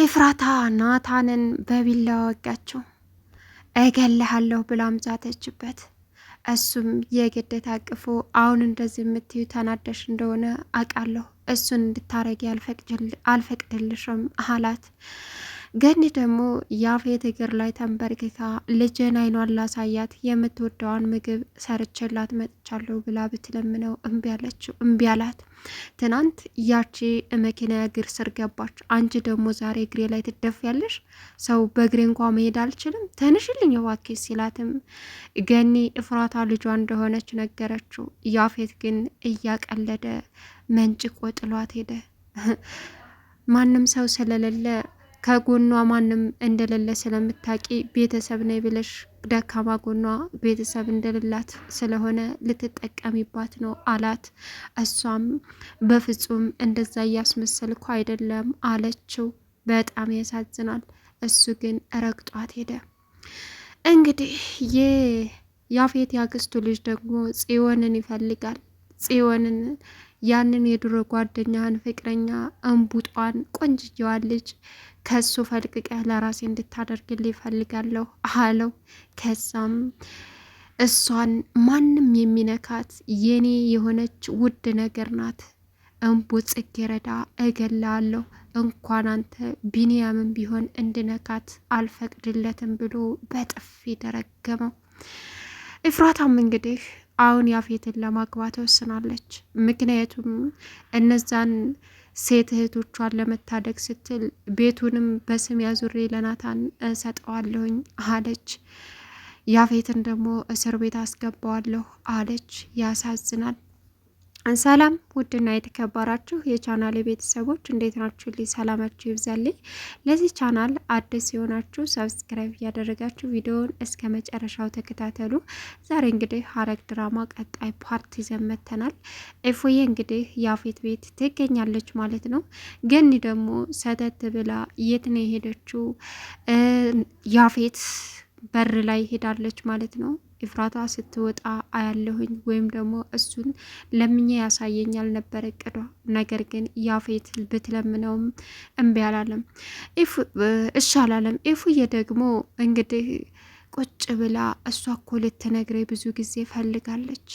ኤፍራታ ናታንን በቢላ ወጋችው። እገልሃለሁ ብላም ዛተችበት። እሱም የግዴታ አቅፎ አሁን እንደዚህ የምትዩ ተናደሽ እንደሆነ አውቃለሁ፣ እሱን እንድታረጊ አልፈቅድልሽም አላት። ገኒ ደግሞ ያፌት እግር ላይ ተንበርክካ ልጅን አይኗን ላሳያት የምትወደዋን ምግብ ሰርችላት መጥቻለሁ ብላ ብትለምነው እምቢ አለችው እምቢ አላት። ትናንት ያቺ መኪና እግር ስር ገባች፣ አንቺ ደግሞ ዛሬ እግሬ ላይ ትደፊያለሽ፣ ሰው በእግሬ እንኳ መሄድ አልችልም፣ ተንሽልኝ እባክሽ ሲላትም ገኒ እፍራታ ልጇ እንደሆነች ነገረችው። ያፌት ግን እያቀለደ መንጭቆ ጥሏት ሄደ። ማንም ሰው ስለሌለ ከጎኗ ማንም እንደሌለ ስለምታቂ ቤተሰብ ነይ ብለሽ ደካማ ጎኗ ቤተሰብ እንደሌላት ስለሆነ ልትጠቀሚባት ነው አላት። እሷም በፍጹም እንደዛ እያስመሰልኩ አይደለም አለችው። በጣም ያሳዝናል። እሱ ግን ረግጧት ሄደ። እንግዲህ ያፌት ያክስቱ ልጅ ደግሞ ጽዮንን ይፈልጋል ጽዮንን ያንን የድሮ ጓደኛህን ፍቅረኛ እንቡጧን ቆንጅየዋን ልጅ ከሱ ፈልቅቀህ ለራሴ እንድታደርግልኝ ይፈልጋለሁ አለው። ከዛም እሷን ማንም የሚነካት የኔ የሆነች ውድ ነገር ናት፣ እንቡጥ ጽጌረዳ እገላለሁ እንኳን አንተ ቢንያምን ቢሆን እንድነካት አልፈቅድለትም ብሎ በጥፊ ደረገመው ኢፍራታም እንግዲህ አሁን ያፌትን ለማግባት ወስናለች። ምክንያቱም እነዛን ሴት እህቶቿን ለመታደግ ስትል ቤቱንም በስም ያዙሬ ለናታን እሰጠዋለሁኝ አለች። ያፌትን ደግሞ እስር ቤት አስገባዋለሁ አለች። ያሳዝናል። ሰላም ውድና የተከበራችሁ የቻናል ቤተሰቦች እንዴት ናችሁ? ልይ ሰላማችሁ ይብዛልኝ። ለዚህ ቻናል አዲስ የሆናችሁ ሰብስክራይብ እያደረጋችሁ ቪዲዮውን እስከ መጨረሻው ተከታተሉ። ዛሬ እንግዲህ ሐረግ ድራማ ቀጣይ ፓርት ይዘን መጥተናል። ኤፉዬ እንግዲህ ያፌት ቤት ትገኛለች ማለት ነው። ገኒ ደግሞ ሰተት ብላ የት ነው የሄደችው? ያፌት በር ላይ ሄዳለች ማለት ነው። ኢፍራቷ ስትወጣ አያለሁኝ ወይም ደግሞ እሱን ለምኜ ያሳየኛል ነበር እቅዷ። ነገር ግን ያፌት ብትለምነውም እምቢ አላለም፣ እሺ አላለም። ኢፉዬ ደግሞ እንግዲህ ቁጭ ብላ እሷ እኮ ልትነግረኝ ብዙ ጊዜ ፈልጋለች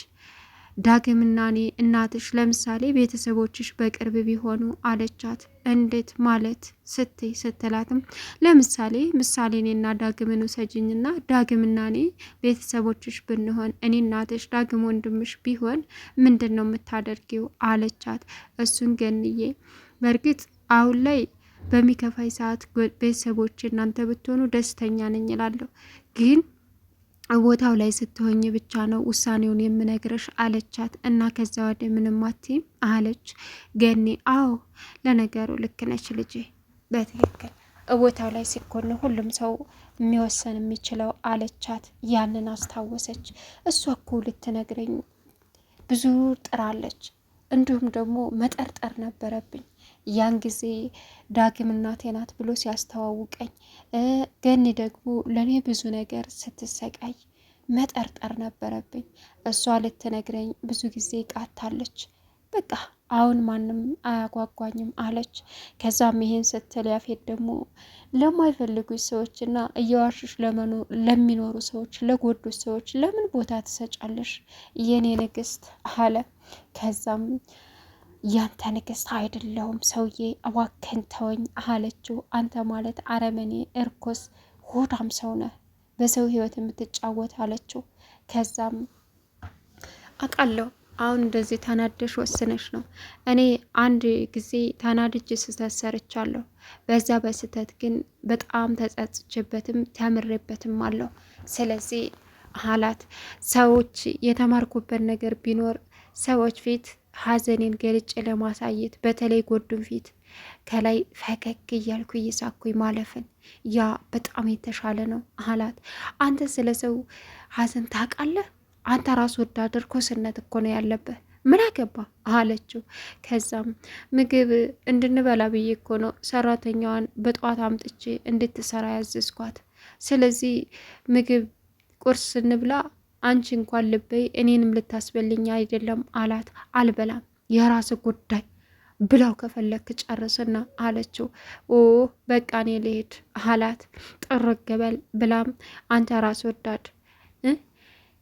ዳግምና እኔ እናትሽ ለምሳሌ ቤተሰቦችሽ በቅርብ ቢሆኑ አለቻት። እንዴት ማለት ስትይ ስትላትም ለምሳሌ ምሳሌ እኔና ዳግምን ውሰጅኝና ዳግምና እኔ ቤተሰቦችሽ ብንሆን እኔ እናትሽ ዳግም ወንድምሽ ቢሆን ምንድን ነው የምታደርጊው? አለቻት። እሱን ገንዬ በእርግጥ አሁን ላይ በሚከፋይ ሰዓት ቤተሰቦች እናንተ ብትሆኑ ደስተኛ ነኝ እላለሁ ግን ቦታው ላይ ስትሆኝ ብቻ ነው ውሳኔውን የምነግርሽ አለቻት። እና ከዛ ወደ ምንም አትይም አለች ገኒ። አዎ ለነገሩ ልክ ነች ልጄ፣ በትክክል ቦታው ላይ ሲኮን ሁሉም ሰው የሚወሰን የሚችለው አለቻት። ያንን አስታወሰች። እሷ እኮ ልትነግረኝ ብዙ ጥራለች፣ እንዲሁም ደግሞ መጠርጠር ነበረብኝ ያን ጊዜ ዳግም እናቴ ናት ብሎ ሲያስተዋውቀኝ ገኒ ደግሞ ለእኔ ብዙ ነገር ስትሰቃይ መጠርጠር ነበረብኝ። እሷ ልትነግረኝ ብዙ ጊዜ ቃታለች። በቃ አሁን ማንም አያጓጓኝም አለች። ከዛም ይሄን ስትል ያፌት ደግሞ ለማይፈልጉ ሰዎችና እየዋሹሽ ለሚኖሩ ሰዎች፣ ለጎዱ ሰዎች ለምን ቦታ ትሰጫለሽ የኔ ንግስት አለ። ከዛም ያንተ ንግስት አይደለሁም ሰውዬ እባክህን ተወኝ አለችው። አንተ ማለት አረመኔ፣ እርኩስ፣ ሆዳም ሰው ነህ፣ በሰው ህይወት የምትጫወት አለችው። ከዛም አቃለሁ አሁን እንደዚህ ተናደሽ ወስነሽ ነው። እኔ አንድ ጊዜ ተናድጅ ስህተት ሰርቻለሁ። በዛ በስህተት ግን በጣም ተጸጽችበትም ተምሬበትም አለሁ። ስለዚህ አላት ሰዎች የተማርኩበት ነገር ቢኖር ሰዎች ፊት ሀዘኔን ገልጬ ለማሳየት በተለይ ጎዱን ፊት ከላይ ፈገግ እያልኩ እየሳኩኝ ማለፍን ያ በጣም የተሻለ ነው አላት። አንተ ስለ ሰው ሀዘን ታውቃለህ? አንተ ራስ ወዳደር ኮስነት እኮ ነው ያለብህ። ምን አገባ አለችው። ከዛም ምግብ እንድንበላ ብዬ እኮ ነው ሰራተኛዋን በጠዋት አምጥቼ እንድትሰራ ያዘዝኳት። ስለዚህ ምግብ ቁርስ እንብላ አንቺ እንኳን ልበይ እኔንም ልታስበልኝ አይደለም አላት። አልበላም የራስ ጉዳይ ብላው ከፈለክ ጨርስና አለችው። ኦ በቃ እኔ ልሄድ አላት። ጥርግ ብላም አንተ ራስ ወዳድ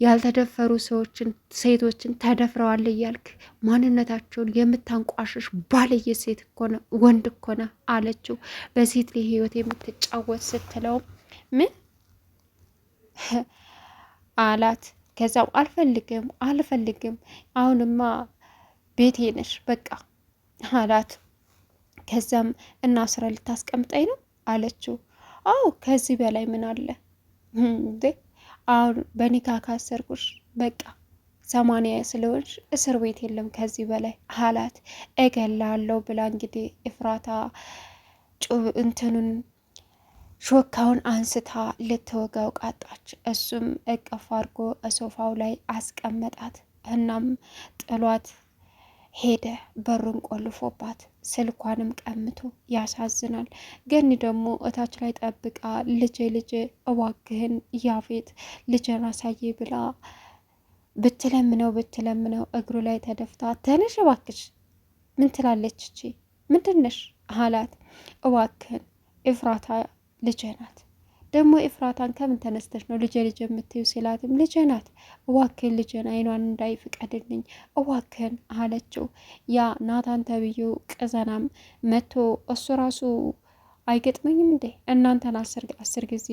ያልተደፈሩ ሰዎችን ሴቶችን ተደፍረዋል እያልክ ማንነታቸውን የምታንቋሽሽ ባልየ ሴት እኮ ወንድ ኮነ አለችው። በሴት ላይ ህይወት የምትጫወት ስትለውም ምን አላት። ከዛም አልፈልግም አልፈልግም አሁንማ ቤቴ ነሽ በቃ አላት። ከዛም እና ስራ ልታስቀምጠኝ ነው አለችው። አው ከዚህ በላይ ምን አለ እንዴ? አሁን በኒካ ካሰርኩሽ በቃ ሰማንያ ስለሆንሽ እስር ቤት የለም ከዚህ በላይ አላት። እገላለሁ ብላ እንግዲህ እፍራታ እንትኑን ሾካውን አንስታ ልትወጋው ቃጣች። እሱም እቅፍ አድርጎ ሶፋው ላይ አስቀመጣት። እናም ጥሏት ሄደ። በሩን ቆልፎባት ስልኳንም ቀምቶ ያሳዝናል። ገኒ ደግሞ እታች ላይ ጠብቃ ልጄ ልጄ እባክህን ያፌት ልጄን አሳዬ ብላ ብትለምነው ብትለምነው እግሩ ላይ ተደፍታ ተነሽ እባክሽ ምን ትላለች እቺ ምንድነሽ አላት። እባክህን ኢፍራታ ልጄ ናት። ደግሞ ኤፍራታን ከምን ተነስተሽ ነው ልጄ ልጄ የምትዩ ሲላትም ልጄ ናት፣ እዋክን ልጄን አይኗን እንዳይ ፍቀድልኝ እዋክን አለችው። ያ ናታን ተብዩ ቅዘናም መጥቶ እሱ ራሱ አይገጥመኝም እንዴ እናንተን አስር ጊዜ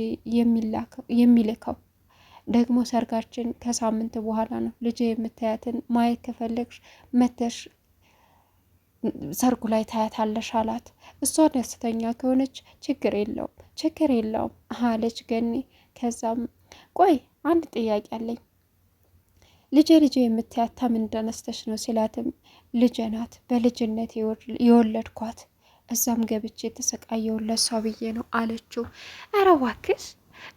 የሚልከው ደግሞ ሰርጋችን ከሳምንት በኋላ ነው ልጄ የምታያትን ማየት ከፈለግሽ መተሽ ሰርጉ ላይ ታያታለሽ አላት። እሷ ደስተኛ ከሆነች ችግር የለውም ችግር የለውም አለች ገኒ። ከዛም ቆይ አንድ ጥያቄ አለኝ ልጄ ልጄ የምትያታ ምን እንደነስተች ነው ሲላትም ልጄ ናት በልጅነት የወለድኳት እዛም ገብቼ የተሰቃየውን ለሷ ብዬ ነው አለችው። ኧረ እባክሽ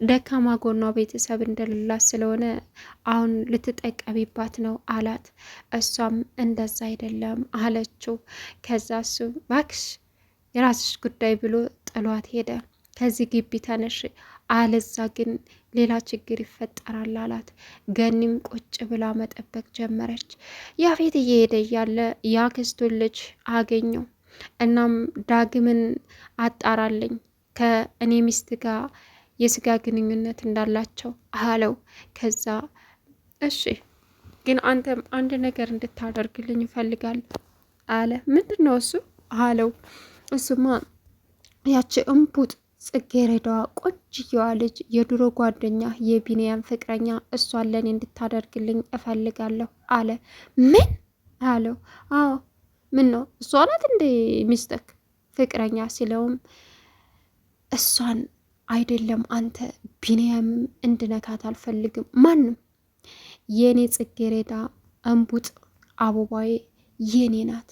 ደካማ ጎኗ ቤተሰብ እንደሌላት ስለሆነ አሁን ልትጠቀሚባት ነው አላት። እሷም እንደዛ አይደለም አለችው። ከዛ እሱ ባክሽ የራስሽ ጉዳይ ብሎ ጥሏት ሄደ። ከዚህ ግቢ ተነሽ፣ አለዛ ግን ሌላ ችግር ይፈጠራል አላት። ገኒም ቁጭ ብላ መጠበቅ ጀመረች። ያፌት እየሄደ እያለ ያክስቱን ልጅ አገኘው። እናም ዳግምን አጣራለኝ ከእኔ ሚስት ጋር የስጋ ግንኙነት እንዳላቸው አለው። ከዛ እሺ ግን አንተም አንድ ነገር እንድታደርግልኝ ይፈልጋል አለ። ምንድን ነው እሱ አለው። እሱማ ያቺ እምቡጥ ጽጌረዳዋ ቆንጅየዋ ልጅ የድሮ ጓደኛ የቢንያም ፍቅረኛ እሷን ለኔ እንድታደርግልኝ እፈልጋለሁ አለ። ምን አለው? አዎ ምን ነው እሷ ናት እንደ ፍቅረኛ ሲለውም እሷን አይደለም አንተ ቢንያም እንድነካት አልፈልግም። ማንም የእኔ ጽጌሬዳ እምቡጥ አበባዬ የኔ ናት፣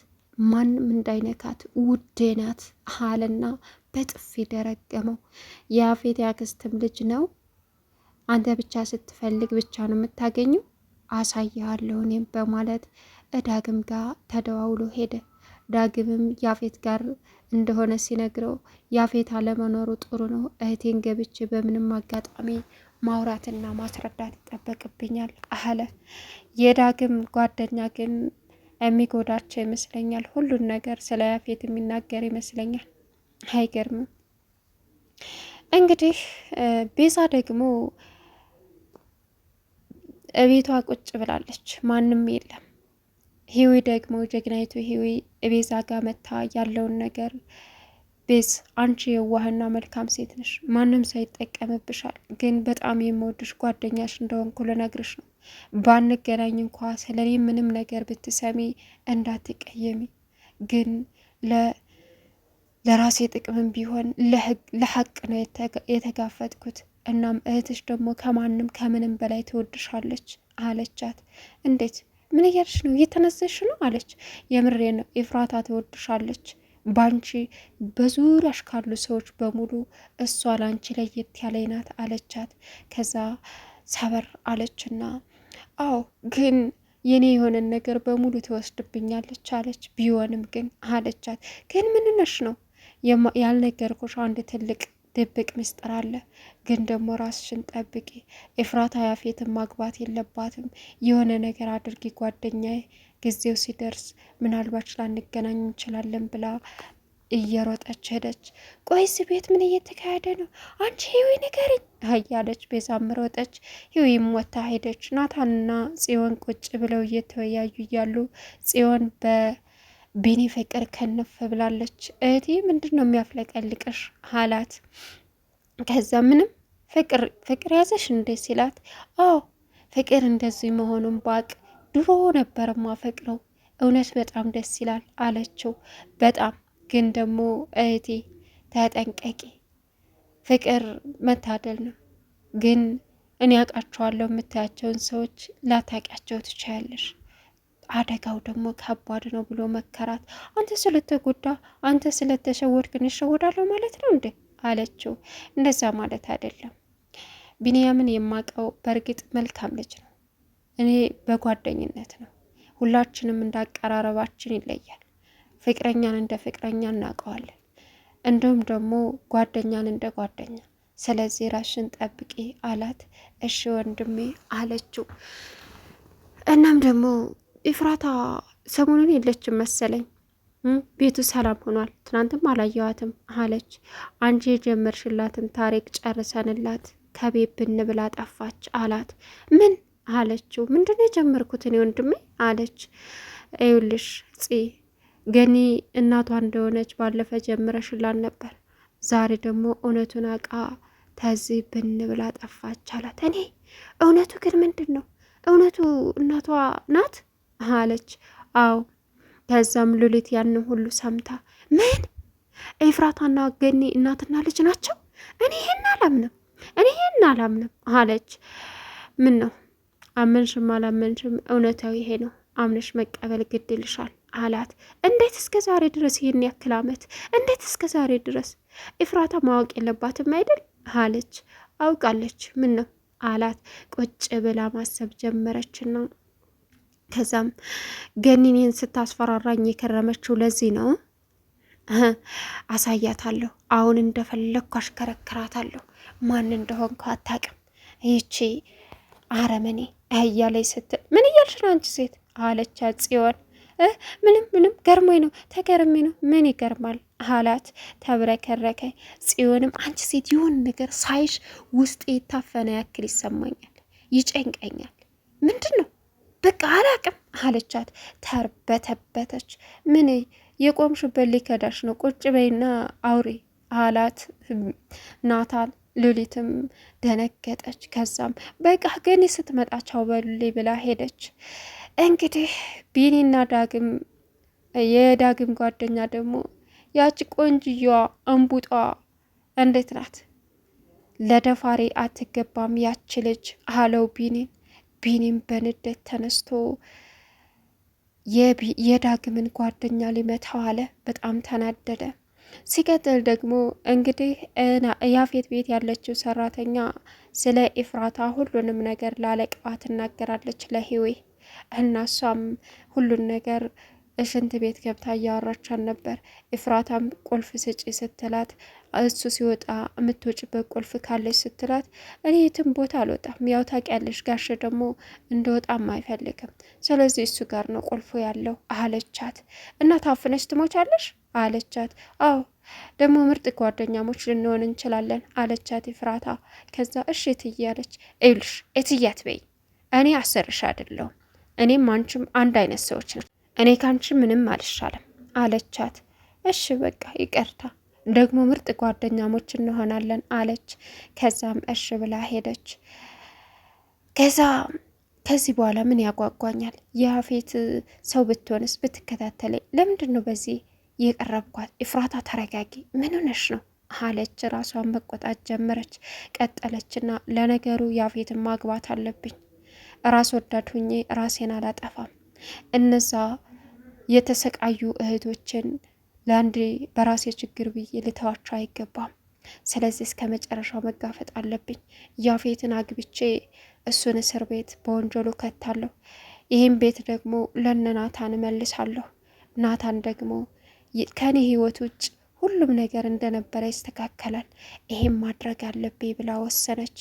ማንም እንዳይነካት ውዴ ናት አለና በጥፊ ደረገመው። የአፌት ያክስትም ልጅ ነው። አንተ ብቻ ስትፈልግ ብቻ ነው የምታገኘው፣ አሳያለሁ እኔም በማለት እዳግም ጋር ተደዋውሎ ሄደ። ዳግምም ያፌት ጋር እንደሆነ ሲነግረው ያፌት አለመኖሩ ጥሩ ነው፣ እህቴን ገብቼ በምንም አጋጣሚ ማውራትና ማስረዳት ይጠበቅብኛል አለ። የዳግም ጓደኛ ግን የሚጎዳቸው ይመስለኛል። ሁሉን ነገር ስለ ያፌት የሚናገር ይመስለኛል። አይገርምም? እንግዲህ ቤዛ ደግሞ እቤቷ ቁጭ ብላለች። ማንም የለም። ሂዊ ደግሞ ጀግናይቱ ሂዊ ቤዛ ጋር መታ ያለውን ነገር ቤዝ አንቺ የዋህና መልካም ሴት ነሽ፣ ማንም ሰው ይጠቀምብሻል። ግን በጣም የምወድሽ ጓደኛሽ እንደሆንኩ ልነግርሽ ነው። ባንገናኝ እንኳ ስለኔ ምንም ነገር ብትሰሚ እንዳትቀየሚ። ግን ለራሴ ጥቅምም ቢሆን ለሀቅ ነው የተጋፈጥኩት። እናም እህትሽ ደግሞ ከማንም ከምንም በላይ ትወድሻለች አለቻት። እንዴት ምን እያልሽ ነው? እየተነዘሽ ነው አለች። የምሬ ነው ኤፍራታ ትወድሻለች። ባንቺ በዙሪያሽ ካሉ ሰዎች በሙሉ እሷ ላንቺ ለየት ያለች ናት አለቻት። ከዛ ሰበር አለችና አዎ ግን የኔ የሆነን ነገር በሙሉ ትወስድብኛለች አለች። ቢሆንም ግን አለቻት። ግን ምንነሽ ነው ያልነገርኩሽ አንድ ትልቅ ድብቅ ምስጢር አለ። ግን ደግሞ ራስሽን ጠብቂ። ኤፍራታ ያፌትን ማግባት የለባትም። የሆነ ነገር አድርጊ ጓደኛዬ፣ ጊዜው ሲደርስ ምናልባች ላንገናኝ እንችላለን ብላ እየሮጠች ሄደች። ቆይስ ቤት ምን እየተካሄደ ነው? አንቺ ህዊ ንገሪኝ እያለች ቤዛም ሮጠች። ህዊም ወታ ሄደች። ናታንና ጽዮን ቁጭ ብለው እየተወያዩ እያሉ ጽዮን በ ቢኒ ፍቅር ከንፍ ብላለች። እህቴ ምንድን ነው የሚያፍለቀልቅሽ አላት። ከዛ ምንም ፍቅር ፍቅር ያዘሽ እንዴ ሲላት፣ አዎ ፍቅር እንደዚህ መሆኑን ባቅ ድሮ ነበር ማፈቅረው እውነት በጣም ደስ ይላል አለችው። በጣም ግን ደግሞ እህቴ ተጠንቀቂ፣ ፍቅር መታደል ነው። ግን እኔ አውቃቸዋለሁ የምታያቸውን ሰዎች ላታውቂያቸው ትችያለሽ አደጋው ደግሞ ከባድ ነው ብሎ መከራት። አንተ ስለተጎዳ አንተ ስለተሸወድክን እሸወዳለሁ ማለት ነው እንዴ አለችው። እንደዛ ማለት አይደለም ቢንያምን የማቀው በእርግጥ መልካም ልጅ ነው። እኔ በጓደኝነት ነው። ሁላችንም እንዳቀራረባችን ይለያል። ፍቅረኛን እንደ ፍቅረኛ እናውቀዋለን፣ እንዲሁም ደግሞ ጓደኛን እንደ ጓደኛ። ስለዚህ ራሽን ጠብቂ አላት። እሺ ወንድሜ አለችው። እናም ደግሞ ኤፍራታ ሰሞኑን የለችም መሰለኝ፣ ቤቱ ሰላም ሆኗል፣ ትናንትም አላየዋትም አለች። አንቺ የጀመርሽላትን ታሪክ ጨርሰንላት ከቤት ብንብላ ጠፋች አላት። ምን አለችው? ምንድን ነው የጀመርኩት እኔ ወንድሜ አለች። ይኸውልሽ ጽ ገኒ እናቷ እንደሆነች ባለፈ ጀምረሽላት ነበር፣ ዛሬ ደግሞ እውነቱን አውቃ ተዚህ ብንብላ ጠፋች አላት። እኔ እውነቱ ግን ምንድን ነው? እውነቱ እናቷ ናት አለች። አዎ። ከዛም ሉሊት ያንን ሁሉ ሰምታ ምን ኤፍራታና ገኒ እናትና ልጅ ናቸው? እኔ ይሄን አላምንም፣ እኔ ይሄን አላምንም አለች። ምን ነው አመንሽም አላመንሽም እውነታው ይሄ ነው፣ አምነሽ መቀበል ግድልሻል አላት። እንዴት እስከ ዛሬ ድረስ ይህን ያክል አመት እንዴት እስከ ዛሬ ድረስ ኤፍራታ ማወቅ የለባትም አይደል አለች። አውቃለች። ምን ነው አላት። ቁጭ ብላ ማሰብ ጀመረችና ከዛም ገኒኔን ስታስፈራራኝ የከረመችው ለዚህ ነው። አሳያታለሁ። አሁን እንደፈለግኩ አሽከረክራታለሁ። ማን እንደሆንኩ አታውቅም ይቺ አረመኔ እያለች ስትል ምን እያልሽ ነው አንቺ ሴት አለቻ ጽዮን። ምንም ምንም ገርሞኝ ነው ተገርሜ ነው ምን ይገርማል አላት። ተብረከረከ ጽዮንም አንቺ ሴት ይሁን ነገር ሳይሽ ውስጥ የታፈነ ያክል ይሰማኛል፣ ይጨንቀኛል ምንድን ነው በቃ አላቅም አለቻት። ተርበተበተች። ምን የቆምሽበት ሊከዳሽ ነው? ቁጭ በይና አውሪ አላት ናታን። ሉሊትም ደነገጠች። ከዛም በቃ ግን ስትመጣቸው በሉሌ ብላ ሄደች። እንግዲህ ቢኒና ዳግም የዳግም ጓደኛ ደግሞ ያቺ ቆንጅየዋ እንቡጧ እንዴት ናት? ለደፋሪ አትገባም ያች ልጅ አለው ቢኒን ቢኒም በንዴት ተነስቶ የዳግምን ጓደኛ ሊመታው አለ። በጣም ተናደደ። ሲቀጥል ደግሞ እንግዲህ ያፌት ቤት ያለችው ሰራተኛ ስለ ኢፍራታ ሁሉንም ነገር ላለቅባ ትናገራለች ለህዌ እናሷም ሁሉን ነገር እሽንት ቤት ገብታ እያወራቻን ነበር። ኤፍራታም ቁልፍ ስጪ ስትላት እሱ ሲወጣ የምትወጭበት ቁልፍ ካለች ስትላት እኔ የትም ቦታ አልወጣም፣ ያው ታውቂያለሽ ጋሸ ደግሞ እንደወጣም አይፈልግም። ስለዚህ እሱ ጋር ነው ቁልፉ ያለው አለቻት። እና ታፍነች ትሞቻለሽ አለቻት። አዎ ደግሞ ምርጥ ጓደኛሞች ልንሆን እንችላለን አለቻት ኤፍራታ። ከዛ እሺ እትዬ አለች። ይኸውልሽ እትዬ አትበይ፣ እኔ አሰርሽ አይደለሁም እኔም አንቺም አንድ አይነት ሰዎች ነን። እኔ ካንቺ ምንም አልሻለም አለቻት። እሺ በቃ ይቅርታ፣ ደግሞ ምርጥ ጓደኛሞች እንሆናለን አለች። ከዛም እሺ ብላ ሄደች። ከዛ ከዚህ በኋላ ምን ያጓጓኛል? የአፌት ሰው ብትሆንስ ብትከታተለኝ። ለምንድን ነው በዚህ የቀረብኳት? ኤፍራታ ተረጋጊ፣ ምን ሆነሽ ነው አለች። ራሷን መቆጣት ጀመረች። ቀጠለችና ለነገሩ የአፌትን ማግባት አለብኝ፣ ራስ ወዳድ ሁኜ ራሴን አላጠፋም እነዛ የተሰቃዩ እህቶችን ለአንዴ በራሴ ችግር ብዬ ልተዋቸው አይገባም። ስለዚህ እስከ መጨረሻው መጋፈጥ አለብኝ። ያፌትን አግብቼ እሱን እስር ቤት በወንጀሉ ከታለሁ። ይህም ቤት ደግሞ ለነ ናታን እመልሳለሁ። ናታን ደግሞ ከኔ ህይወት ውጭ ሁሉም ነገር እንደነበረ ይስተካከላል፣ ይሄም ማድረግ አለብኝ ብላ ወሰነች።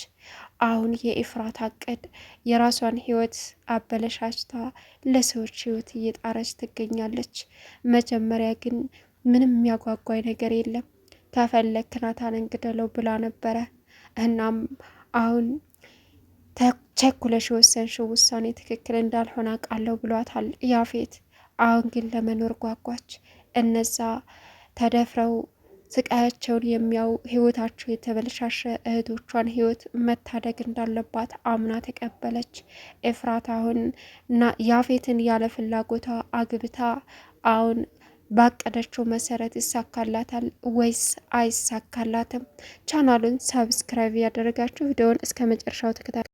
አሁን የኢፍራት አቅድ የራሷን ህይወት አበለሻሽታ ለሰዎች ህይወት እየጣረች ትገኛለች። መጀመሪያ ግን ምንም የሚያጓጓኝ ነገር የለም ከፈለክ ናታን እንግደለው ብላ ነበረ። እናም አሁን ቸኩለሽ የወሰንሽው ውሳኔ ትክክል እንዳልሆነ አውቃለሁ ብሏታል ያፌት። አሁን ግን ለመኖር ጓጓች እነዛ ተደፍረው ስቃያቸውን የሚያው ህይወታቸው የተበለሻሸ እህቶቿን ህይወት መታደግ እንዳለባት አምና ተቀበለች። ኤፍራት አሁን እና ያፌትን ያለ ፍላጎቷ አግብታ አሁን ባቀደችው መሰረት ይሳካላታል ወይስ አይሳካላትም? ቻናሉን ሰብስክራይብ ያደረጋችሁ ቪዲዮውን እስከ መጨረሻው ተከታተሉ።